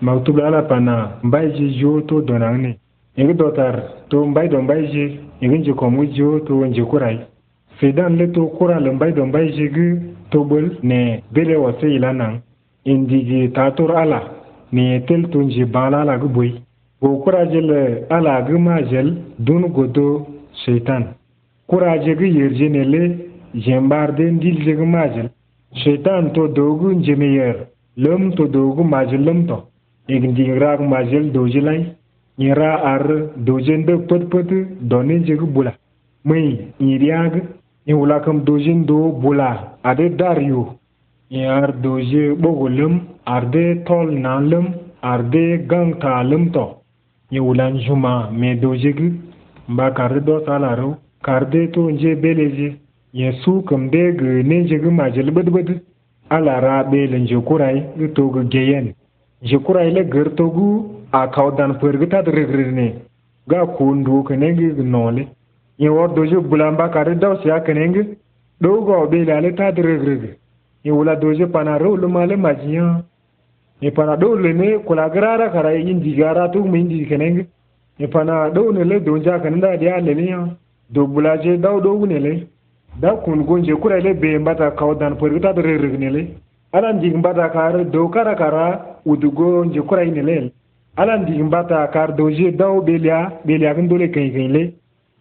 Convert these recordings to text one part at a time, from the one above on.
maktub la ala pana mbai ji jo to donangni ingi dotar to mbai do mbai ji ingi ji komu jo to ji kurai fidan le to kura le mbai do mbai ji gi to bol ne bele wase ilanan indi ji tatur ala ne tel tun ji bala ala gi boi go kura ji le ala gi ma jel dun godo shaitan kura ji gi yerje ne le jembar den dil ji gi ma jel shaitan to dogu jemeyer lom to dogu majlum tɔ igindi ra majel dojilai ira ar dojin de put put donin jig bula mai iriag in wula kam dojin do bula ade dario ar doje bogolum arde tol nalum de gang talum to ye wulan juma me doje gi mba karde do talaro de to nje beleji. ye su kam de ge ne je gi majel bud bud ala ra belen je kurai to ge geyen jikura gertogu a kaudan pergita drigrine ga kundu kenengi gnole in wordo ju bulamba kare daw ya kenengi do go be lale ta drigrige in wula doje panare ulumale majiya ni panado do le ne kula grara kara indi digara tu min di kenengi ni pana ne le donja kanenda dia le ya do bulaje daw do ne le da kun gonje kura ile be mbata kaudan pergita drigrine le alan ndig mbada kar do kara kara udugo nji kurai ni lel ala ndig kar do je daw belia belia kin dole kai kai le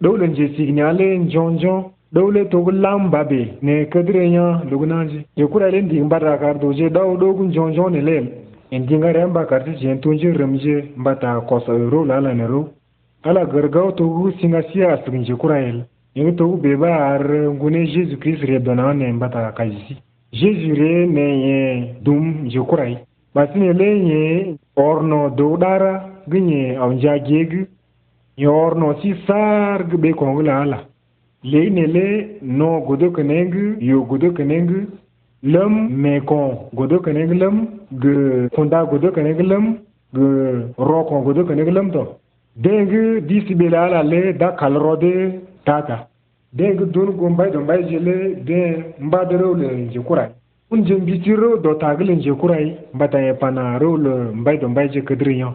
dole nje signale njonjo dole to gulam babe ne kadre nya lugunanji je kurai le ndig mbada kar do je daw do gun njonjo ni lel indinga remba kar ti jen tunji remje mbata kosa ro la la ne ro ala gargaw to gu singa sia sunje kurai le yeng to beba ar gune jesus christ re dona ne mbata kajisi Jésus re menye dum jukurai. Basine le nye orno dodara gnye anja gegu. ni orno si sar gbe kongla ala. Le ne le no godo kenengu yo godo kenengu. Lem me kon godo kenengu lem. Ge fonda godo kenengu lem. Ge ro kon godo kenengu lem to. Dengu disibela ala le da kalrode tata. dẽg dũn gombai dombai jele dẽ mba dẽrew le n zekorai un zen biti rew do taagi le n zekorai mbata ye pana rew le mbai dombai je kedri yõ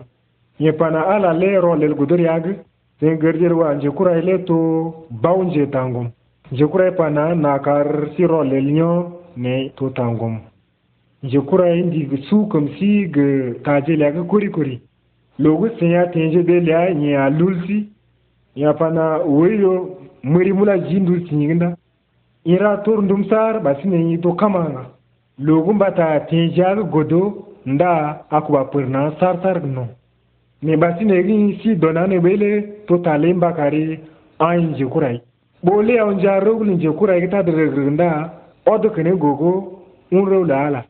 yẽ pana ala le rõ lel gudr yaag zẽn gerdir wa n zekorai le to bao n ze tangom zekorai pana naakar si rõ lel yõ ne to tangom zekorai n dig suukm si g taaje liag kori kori logu sẽn yaa tẽenje be lya yẽ a lulsi yã pana yo. mweri mula jindul tinyinginda ira tur ndumsar basine to kamanga logum bata tejal godo nda akuba purna sar no me basine gi si donane bele to talemba kare anje kurai bole on jarro gulin je kurai ta da nda odo kene gogo un rewla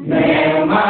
मैं मार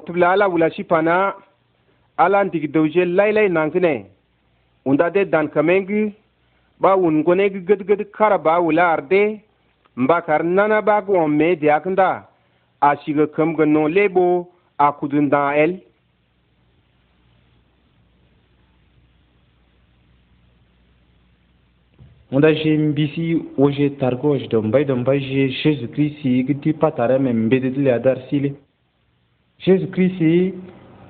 waktubla ala wula shi pana ala ndigi dowje lailai nangtine unda de dan kamengi ba wun gone gi ged ged kara ba wula arde mbakar nana ba go me de aknda a shiga kam ga lebo a kudu kudun da el unda je mbisi woje targo je dombay dombay je jésus christ yi gidi patare me mbede a dar sile jésus-christ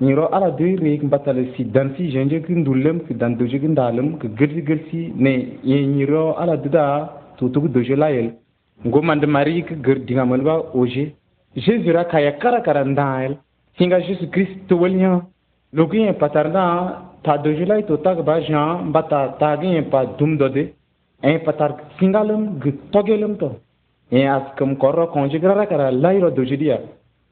niro ala diri mbatale si dan dansi jenje kin dulem ki dan doje kin dalem ki gersi gersi ne ye niro ala duda tutugu doje layel ngomande mari ki ger dinga man ba oje jésus ra kaya kara kara ndael singa jésus-christ to welnya patar patarna ta doje lay to tak ba jan mbata tagin pa dum dode en patar singalem gi togelem to en askam korro konjigrara kara layro doje dia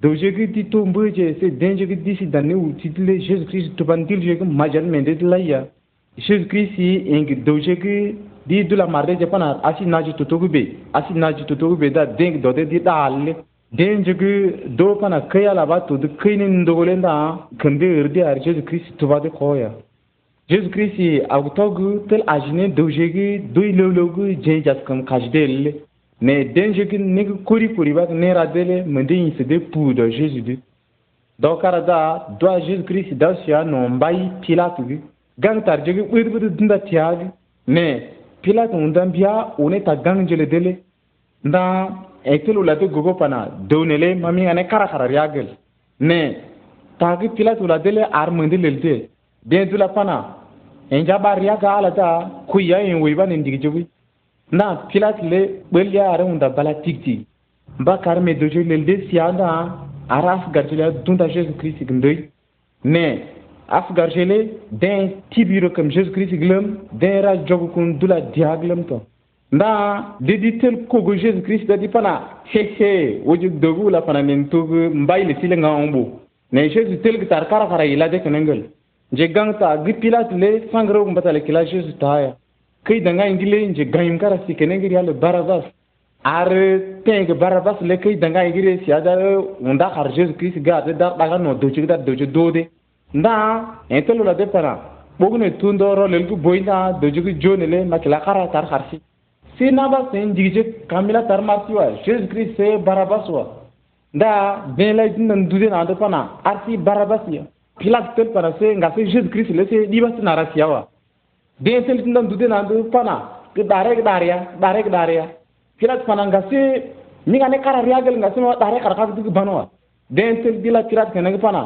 dōjēki tī tō mbōjē sē dēnjēki tī sī dāni wū tī tī lē shēs krīs tūpān tī lēkā mājān mēndē tī lāyā shēs krīs sī yēngi dōjēki tī dūlā mārē jē pānā āsī nājī tō tōku bē āsī nājī tō tōku bē dā dēngi dōdē tī tā ālē dēnjēki dō pānā kēyā lā bā tō tō kēy nē ndōgō lē ndā kēndē ērdi ār shēs krīs tūpā tē khōyā shēs krīs sī āgu tōgu tēl āshī nē Ne denje gen nek kuri kuri bat nen radele mende yin sede pou de Jezu de. Donkara da, do a Jezu krisi da sya non bayi pilat ge. Gang tar jege, ou ete bete dinda tiyage. Ne, pilat ndanbya, ou neta gang jeledele. Ndan, ek tel ou lade gogo pana, donele mamin ane karakara riyagel. Ne, tagi pilat ou ladele armandele lte. Ben zula pana, enjaba riyaga ala da, kuyayen woyban enjige jewe. na pilatle ya are unda bala tikti mba karme dojo lelde siada araf garjela dunda Jésus Christ gndoy ne af garjele den tibiro kam Jésus Christ glem den ra jogu kun dula diaglem to nda dedi tel kogo Jésus kristi da dipana he he oju dogu la pana nen tugu mbai le sile nga ombo ne Jésus tel gitar kara kara ila de kenengel je gang ta gipilate le sangro mbatale kila Jésus taya kai danga ingile nje gayim kara si kene ngiri ale barabas ar tenge barabas le kai danga ingire si ada unda har jesus christ ga de da daga no dochi da dochi dode nda entelo la de para bogne tundoro le ku boina dochi ku jone le makila kara tar harsi si na ba sen jigje kamila tar matiwa jesus christ se barabas wa nda ben la din nan dude na de pana arsi barabas ya pilat tel para se ngase jesus christ le se dibas na rasiawa बेसेल तिंदन दुदेनांदो पाना के दारे दारिया दारे दारिया kirat pananga si ni ngane kara riagel nga sino dare kara ka du banwa den tel dila kirat kana ga pana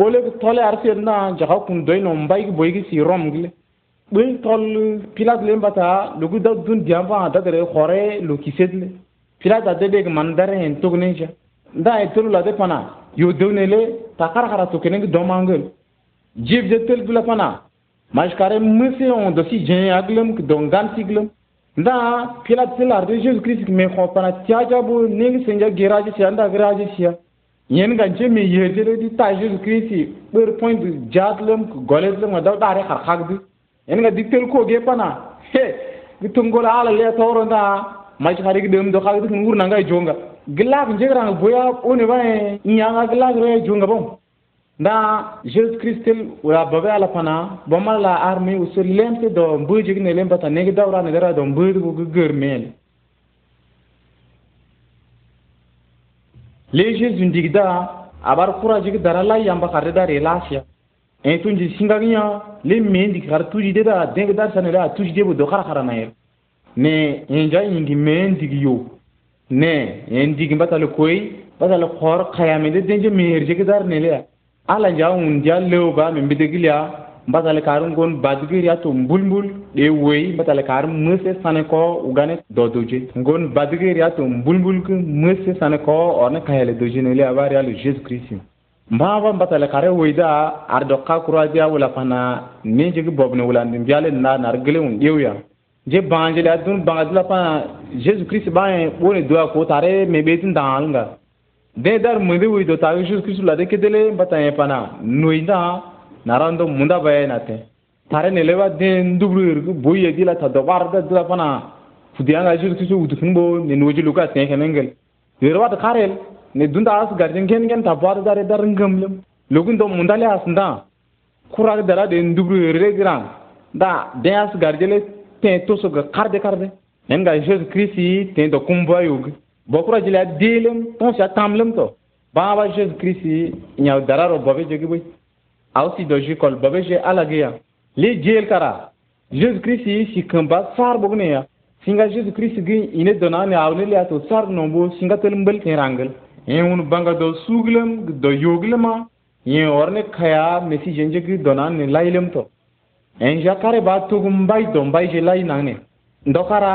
bole ko tole arse na jaha kun doy no mbay gi boy gi si rom gi boy tol pilat le bata lugu da dun diamba da dere khore lu kiset le pilat ade de man dare hen tug ne ja nda e tolu la de pana yo dewnele ta kara kara to kene gi domangel jib de tel dula pana mashkare mse on dosi jen aglem don gan siglem nda pilat sin arde jesus christ me kho pana tia jabu ning senja giraji sia nda giraji sia yen ga je me yedere di ta jesus christ ber point jadlem ko goledlem da dare khar khagdi yen ga diktel ko ge pana he gitungola ala le toro nda mais xari ki dem do xari ki ngur na ngay jonga glaak jeegra boya oni e, bay nyaanga glaak re jonga bom da Jesus Kristel ura babe ala pana boma la armi usu lemte do mbujig ne lem bata negi dawra ne dara do mbujig bu gugur mel le Jesus ndig da abar kura jig dara la yamba kare da relasya en tunji singaginya le mendi kar tuji de da deng dar sane da tuji de bu do khara khara na yel ne enja ingi mendi yo ne endi gimbata le koy bata le khor khayamede denje meherje dar ne le ala jaun dia leo ba min bidigilya mbatale karun gon badigiriya to mbulmbul de wey mbatale karun mese sane ko ugane dodoje gon badigiriya to mbulmbul ke mese sane ko orne kahele doje ne le abariya le jesus mbata mbaaba mbatale kare weyda ar do ka kuradiya wala pana ne jigi bobne wala ndim biale na nar gele un dewya je banjele adun bangadla pana jesus christ ba e bone doa ko tare me betin dalnga देदार मुदे हुई दो तावे शुस किस लादे के दिले बताए पना नुइदा नारांदो मुंदा बये नाते थारे नेलेवा दे दुब्रु बोई यदिला था दोबार दा दिला पना फुदिया गाजुर किस उदखन बो ने नोजि लुका ते केनेंगल देरवा तो खारेल ने दुंदा आस गार्जन केन केन थाबार दारे दारन गमलम लोगुन दो मुंदा ले आसंदा खुरा दरा दे दुब्रु रे ग्रां दा दे आस गार्जले ते तो सो खार दे खार दे नेन गाजुर किसी ते दो कुंबा युग bokura jila dilim ton sha tamlim to baba jesus christ nyaw dararo bobe jogi boy aw si doji kol bobe je alagiya li jeel kara jesu christ si kamba sar bogne ya singa jesu christ gi ine dona ne awne le ato sar nombo singa tel mbel ke rangal en un banga do suglam do yoglama ye orne khaya mesi jenje gi dona ne lailem to en jakare ba tugum bay do bay je lai nangne ndokara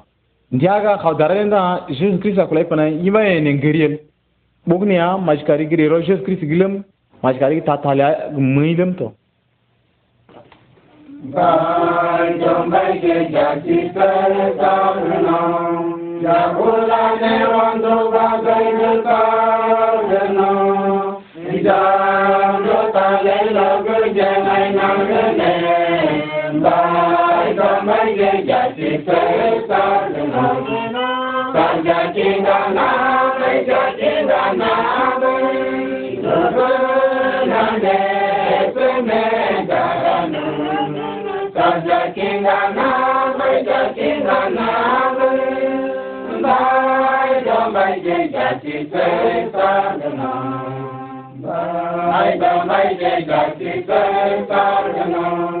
ndiaga khawdarenda jesus christ akulai pana imaye nengeriel boknea majkari girero jesus christ gilem majkari tatala gmilem to Jangan lupa like, share, dan subscribe Panjajing dana, panjajing dana, nane pene dana. Panjajing dana, panjajing dana, bai dom bai jajing dana. Bai dom bai jajing dana.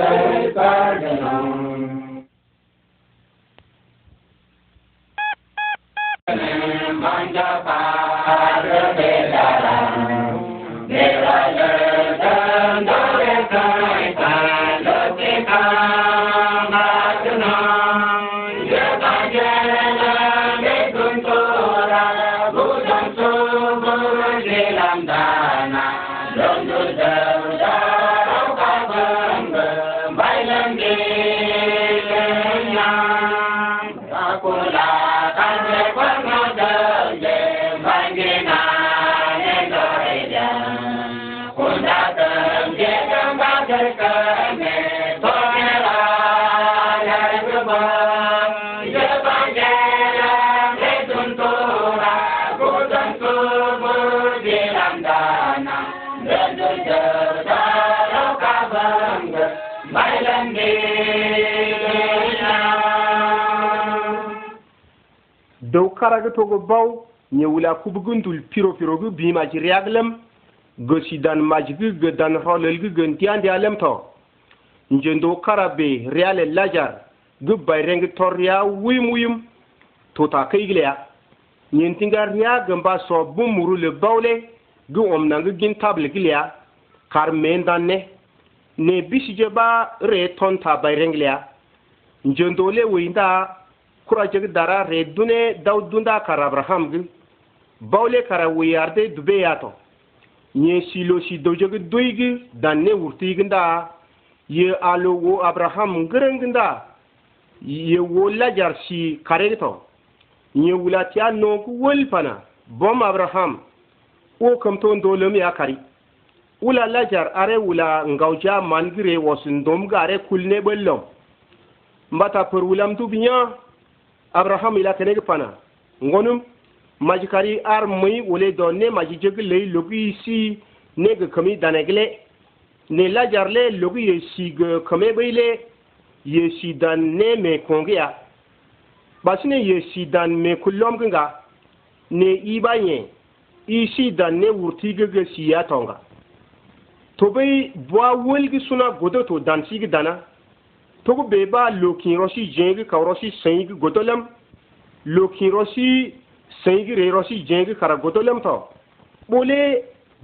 तर्पणम् dow karaga togo baw ñewula dul piro pirogu bimaji riyaglem go sidan majgu go dan rolelgu go ntiyandi alem to nje dow kara be riyale lajar bai go bayrengi torriya wuyum wuyum tota kayigleya ñentinga riya go mba so bumurule bawle go omnangu gin table gileya kar men dan ne ne bisije ba re ton tonta bayrengleya nje dow le woyinda kurajig dara re dune daw dunda kara abraham gi bawle kara wiyarde dube yato nye silo si dojig doygi dan ne nda ye alo wo abraham nda ye wo lajar si karegto nye wulatiya nonku wol fana. bom abraham wo kamto ndolem ya kari wula lajar are wula ngawja mangire wasun domga are kulne bellom mbata per wulam dubinya abraham ila tenegi pana ngonum majikari kari ar muy wole do ne maji jeg ley logi si ne neg kami danegle ne la jarle logi ye si ge kame beyle ye si dan ne me kongia basine ye si dan me kullom ginga ne ibanye isi dan ne wurti ge ge siya tonga to bai bwa wulgi suna godo to dan sigi dana togu be ba lokin rosi jengi ka rosi sengi godolam lokin rosi sengi re rosi jengi kara godolam to bole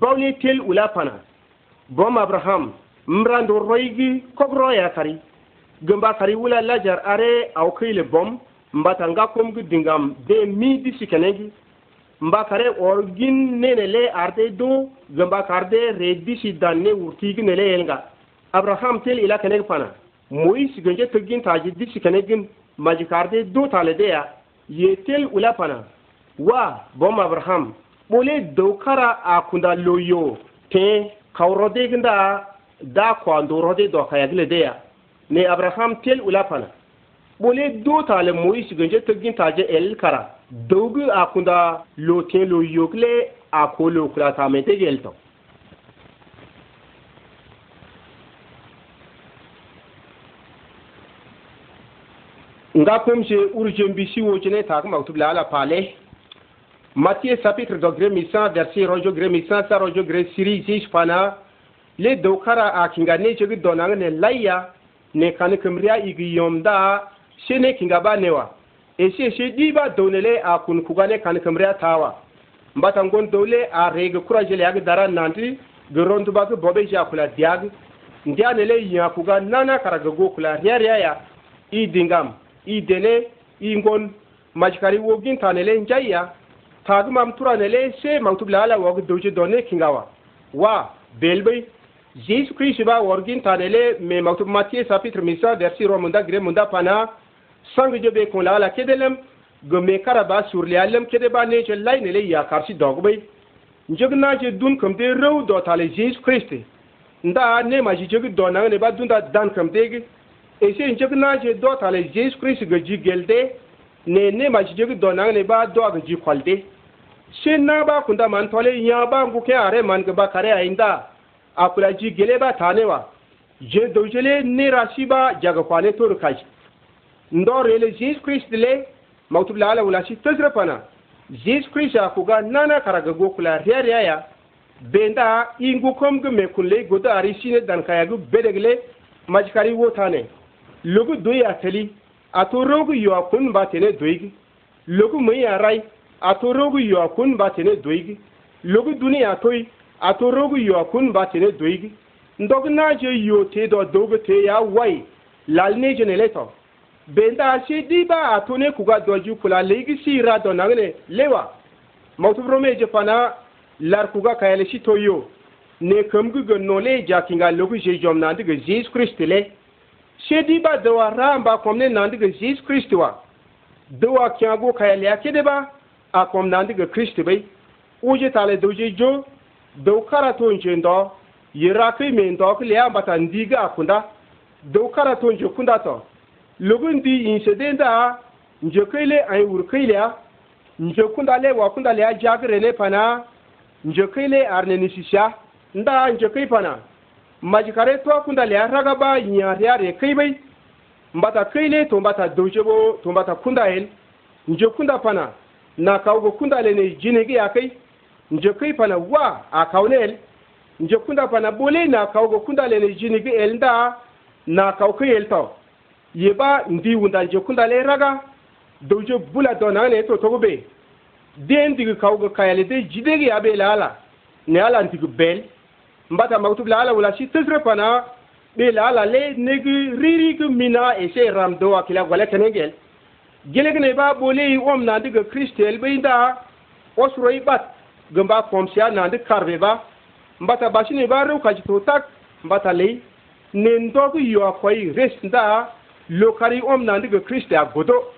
bawle tel ula pana bom abraham mrando roigi kogro ya kari gamba kari wula lajar are aw kile bom mbata nga kom gi dingam de mi disi kenegi mba kare orgin nene le arde do gamba karde re disi danne urtigi nele yelnga abraham tel ila kenegi pana moise gonje togin taji dipsi kenegin majikarde do taledeya ye tel ula pana wa bom abraham ɓole dowkara a kunda loyo te kawrodeginda da de do de ya ne abraham tel ula pana ɓole do tale moise gonje togin taje el kara dowgi a kunda lo te lo yogile a ko lo kulatamete gelton nga pomse urgen bisi wojene tak mak tubla ala pale Matthieu chapitre do gre versi rojo gre sa rojo gre siri si fana le do kara a kinga ne chegi donang ne laya ne kan kemria igi yomda shene kinga ba newa e she diba donele a kun kuga ne kan kemria tawa mbata ngon dole a rege courage le ag nanti gerontu ba ko bobe ja kula diag ndianele yin nana kara go kula riya riya ya idingam I dene idele ingon majkari wogin tanele njaya tagmam turanele se maktub lala wog doje donne kingawa wa belbe Jésus Christ ba worgin tanele me maktub Matthieu chapitre misa versi romunda munda gre munda pana sang jobe kon lala kedelem gome karaba surle alem kede ba ne je lai nele ya karsi dogbe njogna je dun kamde rew do tale Jésus Christ nda ne ma je jogi donang ne ba dunda dan kamde gi. ese njegi na je do tale Jesu kristu ga ji gelde ne ne ma ji jegi do na ne ba a ga ji kwalde shin na ba kunda man tole ya ba ngu kɛ are man ga ba kare a kula ji gele ba wa je do jele ne ba jaga kwale to rukai ndo rele Jesu kristu le maktub la ala wala shi tasra pana Jesu Kristi akuga go kula riya ya benda ingu kom ga me kulle godo ari shine dan kaya majikari bedegle loku doi a tali atu rogu yo kun ba tene doigi loku mun a rai atu rogu yo kun ba tene doigi loku a toi atu rogu yo kun ba tene doigi ndog na je yo te do dogo te ya wai lal ne je ne leto benda shi di ba atu ne kuga doji kula legi si ra do na ne lewa mautu rome je fana lar kuga kayale shi toyo ne kam kamgu gonole jakinga loku je jomna ndiga Jesus Christ le shediba dawa ramba komne nandiga jesus christ wa dawa kyago kaya lyake ba a kom nandiga christ bai uje le doje jo daw karato nje ndo kai me ndo kle ta ndiga akunda daw karato nje kunda to lugundi inse denda nje kele ay kai a nje kunda le wa kunda le a jagre le pana nje kele arne nisisha nda nje kai pana majikare to kunda le raga ba nyare yare kai bai mbata kaile to mbata dojebo to mbata kunda hel? nje kunda pana na kawgo kunda le ne jine gi akai nje kai pana wa a kawne el nje kunda pana bole na kawgo kunda le ne jine gi el nda na kawkai el to yeba ndi wunda nje kunda le raga dojo bula dona ne to togo be den digi kawgo kayale de jide gi abe lala ne ala ndigi bel mbata maktub la ala wala shi tesre pana be la ala le negi riri ke mina e se ram akila wala kenengel gele gele ba bole om na diga kristel be nda osro bat gamba komsia na de ba mbata bashine ba ru kaji to tak mbata le nen do ku yo koy res nda lokari om na daga kristel godo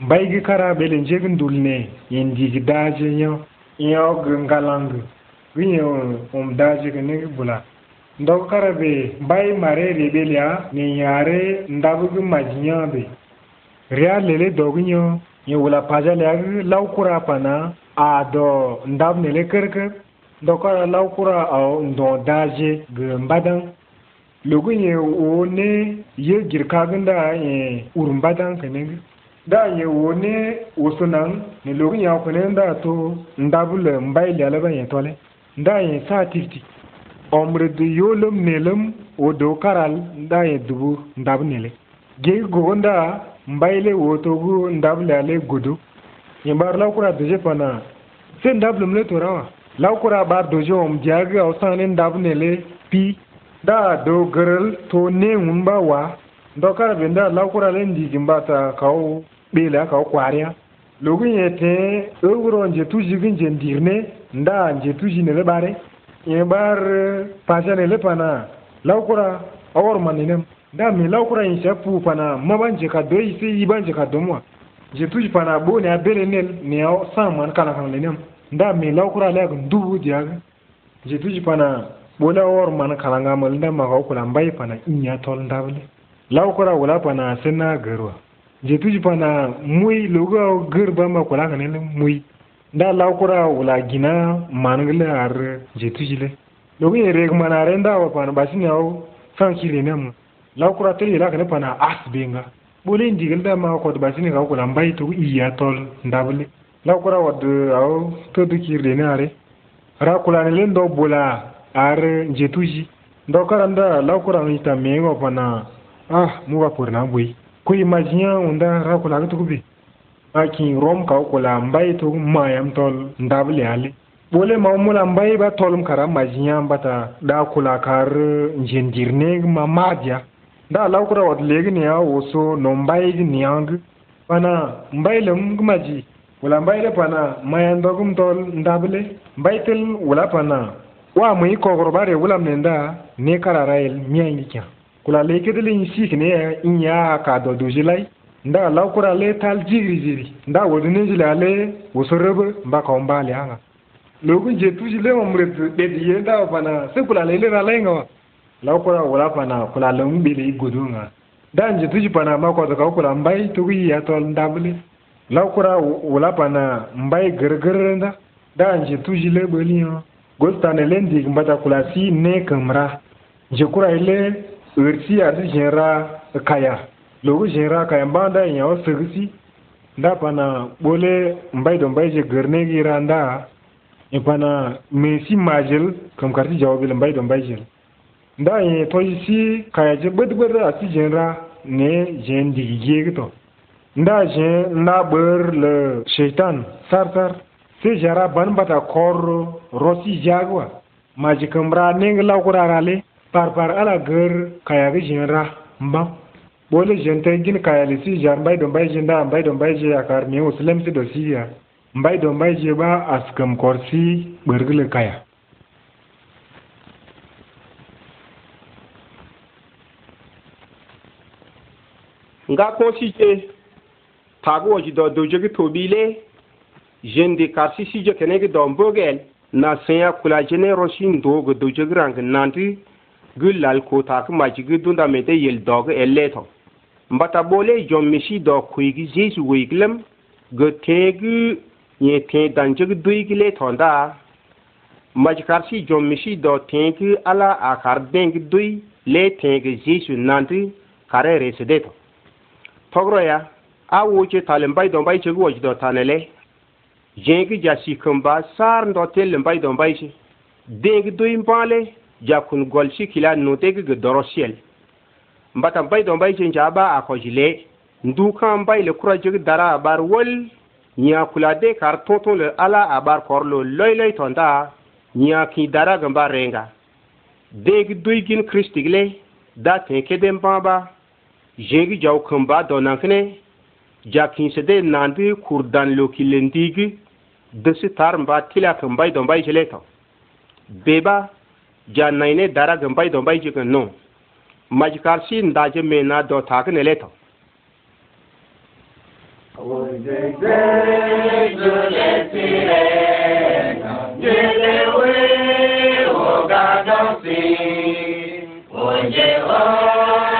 baigi kara bele njegin dulne yin digi daje nyo nyo galang winyo um daje gane bula ndok kara be bai mare rebelia ne yare ndabugu majinya be ria lele doginyo ni wula paja le laukura pana a do ndab nele kara lau kura a ndo daje gumbadan lugu ye o ne ye girkagunda e urumbadan ne. da nye wo ni woso nan ni lori yan kone nda to ndabule mbaili alaba yan tole nda ye sa tifti omre du yolum nelum o do karal nda ye dubu ndab nele ge go nda mbaile wo to gu ndabule ale gudu ye bar la kura de pana se ndabule mle to rawa la kura bar do jo om jaga o sane nele pi da do to ne un ba wa ndokara benda la kura le ndigi mbata ɓeela ka kwaarya logu yẽ tẽ œuvre n zĩ tuzig n zĩ n dirne n da n zĩ tuzi ne le ɓare yẽ ɓar pasa ne le pana laukura a war maninem da mi laukura yẽ sã pana maba n zĩ ka doy sẽn yiba n zĩ ka dom wã zĩ tuzi pana ɓoone a bele nel ne a sã n maan kãlekãng le nem n da mi laukura la yak n dubu diag zĩ tuzi pana ɓola a war maan kãlengaml n da maka kula n bay pana ĩnya tol n dable laukura wʋla pana a sẽn jetuji pana mui logo bama ma kan kanele mui da la kura wala gina manngle ar jetuji le logo reg mana renda wa pana basini au san kire nam la kura tele la kana pana benga bole ndigal da ma ko basini ga kula mbai to iya tol ndabule la kura de au to kire ne are ra kula ne lendo bola ar jetuji ndo karanda la kura ni mego pana ah muga porna bui ku imagine unda ra kula tugu bi aki rom ka kula mbai tu ma yam tol ndabli ali bole ma la mbai ba tolum kara majinya bata da la kar njendirne ma madia da law kura wat legni ya woso no mbai ni yang bana mbai le ngmaji wala mbai le pana mayando gum tol ndabli mbai tel wala pana wa mu ko gorbare wala menda ne karara el miyangi kya kula le kedele in sik ne in ya ka do do jilai nda la kura le tal jiri jiri nda wodu ne ale le wosorebe mba ka omba le anga logun je tuji le omre de de ye nda bana se kula le le na le nga la kura wala bana kula le mbele igodo nga nda nje tuji bana ma ko to ka kula mbai to yi ya to ndabule la kura wala bana mbai gerger nda nda nje tuji le beli yo golta ne lendi mbata kula si ne kamra je kura ile a adi zhenra kaya logu zhenra kaya mba nda nyawo segisi nda pana bole mbai do mbai je gerne gira nda e pana mesi majel kam karti jawabil mbai do mbai jel nda e toisi kaya je bed a ati zhenra ne zhen digige gito nda zhen na ber le shaitan sar sar se jara ban bata kor rosi jagwa majikamra lakura lakurarale par ala gur kayagi jinra mba bole jente gin kayali si jar mbay don bay jinda mbay don bay je yakar mi muslim si do siya mbay don bay je ba askam korsi bergle kaya nga ko si je tago ji do do je to bile jende karsi si je kene gi don bogel na senya kula jene rosin do go do je grang nanti gu lal kota ki ma chi da dunda me te yel dog elle to mbata bole jom mi shi do ku gi jesu wi glem gu te gu ye te dan ju du gi le to da ma chi kar shi jom mi shi do te gu ala a kar den gi du le te gu jesu nan ti kare re se de to togro ya a wo ta talen bai don bai che gu wo do tanele jengi ja shi kumba sar ndo tel bai don bai shi deng du le. jakun golsi kila nutegi doro dorosiel mbata mbai do mbai jinja aba akojile nduka mbai le kura jigi dara abar wol nya kula de kar tonton le ala abar korlo loy loy tonda nya ki dara gamba renga degi duigin kristigle da tenke den baba jengi jaw kamba do nankne jakin sede nandi kurdan lo kilendigi desi tar mba tila kambai do mbai jile to beba जानने दारा गंबाई धोबाई जी नो मजकार सी अंदाज में ना दो था ने ले था